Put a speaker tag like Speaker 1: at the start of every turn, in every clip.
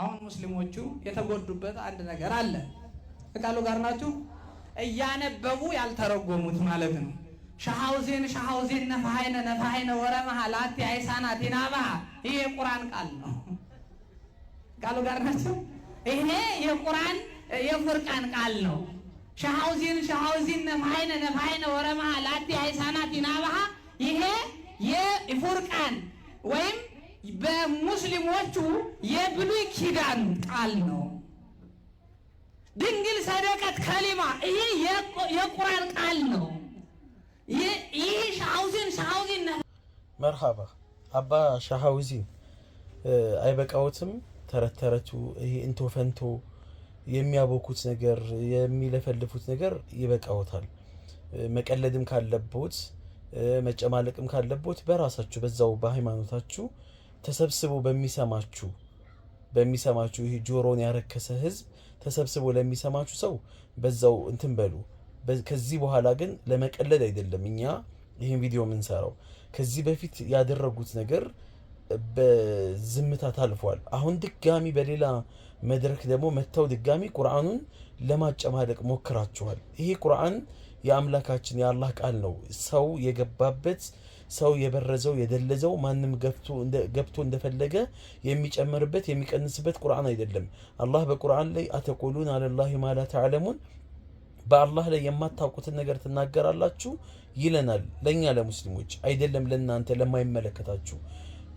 Speaker 1: አሁን ሙስሊሞቹ የተጎዱበት አንድ ነገር አለ። ከቃሉ ጋር ናችሁ። እያነበቡ ያልተረጎሙት ማለት ነው። ሻሃውዜን ሻሃውዜን ነፋሃይነ ነፋሃይነ ወረመሃ ላቲ አይሳና ቲናባሃ ይሄ የቁርአን ቃል ነው። ቃሉ ጋር ናቸው። ይሄ የቁርአን የፉርቃን ቃል ነው። ሻሃውዜን ሻሃውዜን ነፋሃይነ ነፋሃይነ ወረመሃ ላቲ አይሳና ቲናባሃ ይሄ የፉርቃን ወይም በሙስሊሞቹ የብሉይ ኪዳን ቃል ነው። ድንግል ሰደቀት ከሊማ ይሄ የቁራን ቃል ነው። ይህ ሻውዚን ሻውዚን
Speaker 2: መርሃባ አባ ሻሃውዚ አይበቃዎትም። ተረት ተረቱ ይሄ እንቶ ፈንቶ የሚያቦኩት ነገር የሚለፈልፉት ነገር ይበቃዎታል። መቀለድም ካለቦት መጨማለቅም ካለቦት በራሳችሁ በዛው በሃይማኖታችሁ ተሰብስቦ በሚሰማችሁ በሚሰማችሁ ይህ ጆሮን ያረከሰ ህዝብ ተሰብስቦ ለሚሰማችሁ ሰው በዛው እንትን በሉ። ከዚህ በኋላ ግን ለመቀለድ አይደለም እኛ ይህን ቪዲዮ የምንሰራው። ከዚህ በፊት ያደረጉት ነገር በዝምታ ታልፏል። አሁን ድጋሚ በሌላ መድረክ ደግሞ መጥተው ድጋሚ ቁርአኑን ለማጨማደቅ ሞክራችኋል። ይሄ ቁርአን የአምላካችን የአላህ ቃል ነው። ሰው የገባበት ሰው የበረዘው የደለዘው ማንም ገብቶ እንደፈለገ የሚጨምርበት የሚቀንስበት ቁርአን አይደለም። አላህ በቁርአን ላይ አተቁሉን አለላህ ማላ ተዕለሙን በአላህ ላይ የማታውቁትን ነገር ትናገራላችሁ ይለናል። ለእኛ ለሙስሊሞች አይደለም ለእናንተ ለማይመለከታችሁ።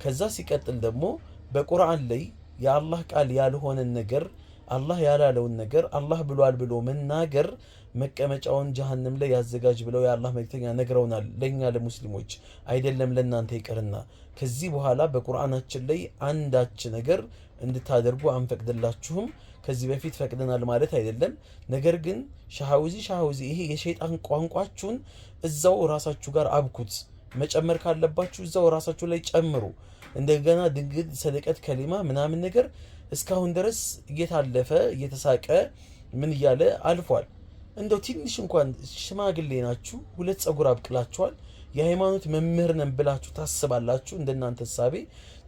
Speaker 2: ከዛ ሲቀጥል ደግሞ በቁርአን ላይ የአላህ ቃል ያልሆነን ነገር አላህ ያላለውን ነገር አላህ ብሏል ብሎ መናገር መቀመጫውን ጀሀንም ላይ ያዘጋጅ ብለው የአላህ መልክተኛ ነግረውናል፣ ለእኛ ለሙስሊሞች አይደለም ለእናንተ ይቅርና። ከዚህ በኋላ በቁርአናችን ላይ አንዳች ነገር እንድታደርጉ አንፈቅድላችሁም። ከዚህ በፊት ፈቅደናል ማለት አይደለም። ነገር ግን ሻሃውዚ ሻሃውዚ፣ ይሄ የሸይጣን ቋንቋችሁን እዛው ራሳችሁ ጋር አብኩት። መጨመር ካለባችሁ እዛው ራሳችሁ ላይ ጨምሩ። እንደገና ድንግል ሰደቀት ከሊማ ምናምን ነገር እስካሁን ድረስ እየታለፈ እየተሳቀ ምን እያለ አልፏል። እንደው ትንሽ እንኳን ሽማግሌ ናችሁ፣ ሁለት ጸጉር አብቅላችኋል፣ የሃይማኖት መምህር ነን ብላችሁ ታስባላችሁ። እንደናንተ ሳቤ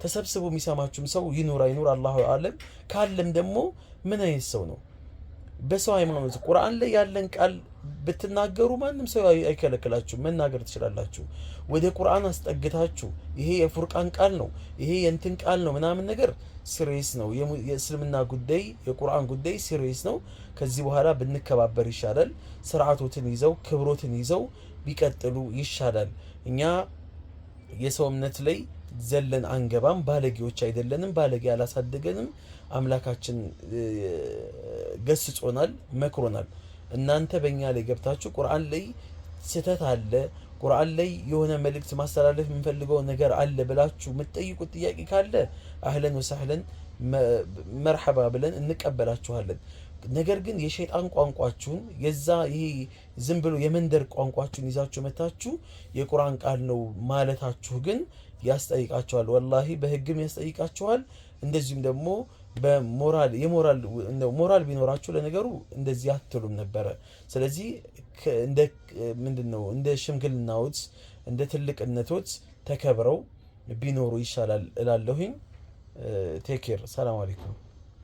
Speaker 2: ተሰብስቦ የሚሰማችሁም ሰው ይኑር አይኑር አላሁ አለም። ካለም ደግሞ ምን አይነት ሰው ነው? በሰው ሃይማኖት ቁርአን ላይ ያለን ቃል ብትናገሩ ማንም ሰው አይከለክላችሁ፣ መናገር ትችላላችሁ። ወደ ቁርአን አስጠግታችሁ ይሄ የፉርቃን ቃል ነው፣ ይሄ የእንትን ቃል ነው ምናምን ነገር ሲሪየስ ነው። የእስልምና ጉዳይ የቁርአን ጉዳይ ሲሪየስ ነው። ከዚህ በኋላ ብንከባበር ይሻላል። ስርዓቶትን ይዘው ክብሮትን ይዘው ቢቀጥሉ ይሻላል። እኛ የሰው እምነት ላይ ዘለን አንገባም። ባለጌዎች አይደለንም። ባለጌ አላሳደገንም። አምላካችን ገስጾናል፣ መክሮናል። እናንተ በእኛ ላይ ገብታችሁ ቁርአን ላይ ስህተት አለ፣ ቁርአን ላይ የሆነ መልእክት ማስተላለፍ የምንፈልገው ነገር አለ ብላችሁ የምትጠይቁት ጥያቄ ካለ አህለን ወሳህለን መርሐባ ብለን እንቀበላችኋለን። ነገር ግን የሸይጣን ቋንቋችሁን የዛ ይሄ ዝም ብሎ የመንደር ቋንቋችሁን ይዛችሁ መታችሁ የቁርአን ቃል ነው ማለታችሁ ግን ያስጠይቃችኋል። ወላሂ በህግም ያስጠይቃችኋል። እንደዚሁም ደግሞ በሞራል የሞራል ሞራል ቢኖራችሁ ለነገሩ እንደዚህ አትሉም ነበረ። ስለዚህ እንደ ምንድን ነው እንደ ሽምግልናዎት እንደ ትልቅነቶት ተከብረው ቢኖሩ ይሻላል እላለሁኝ። ቴክ ኬር። ሰላም አለይኩም።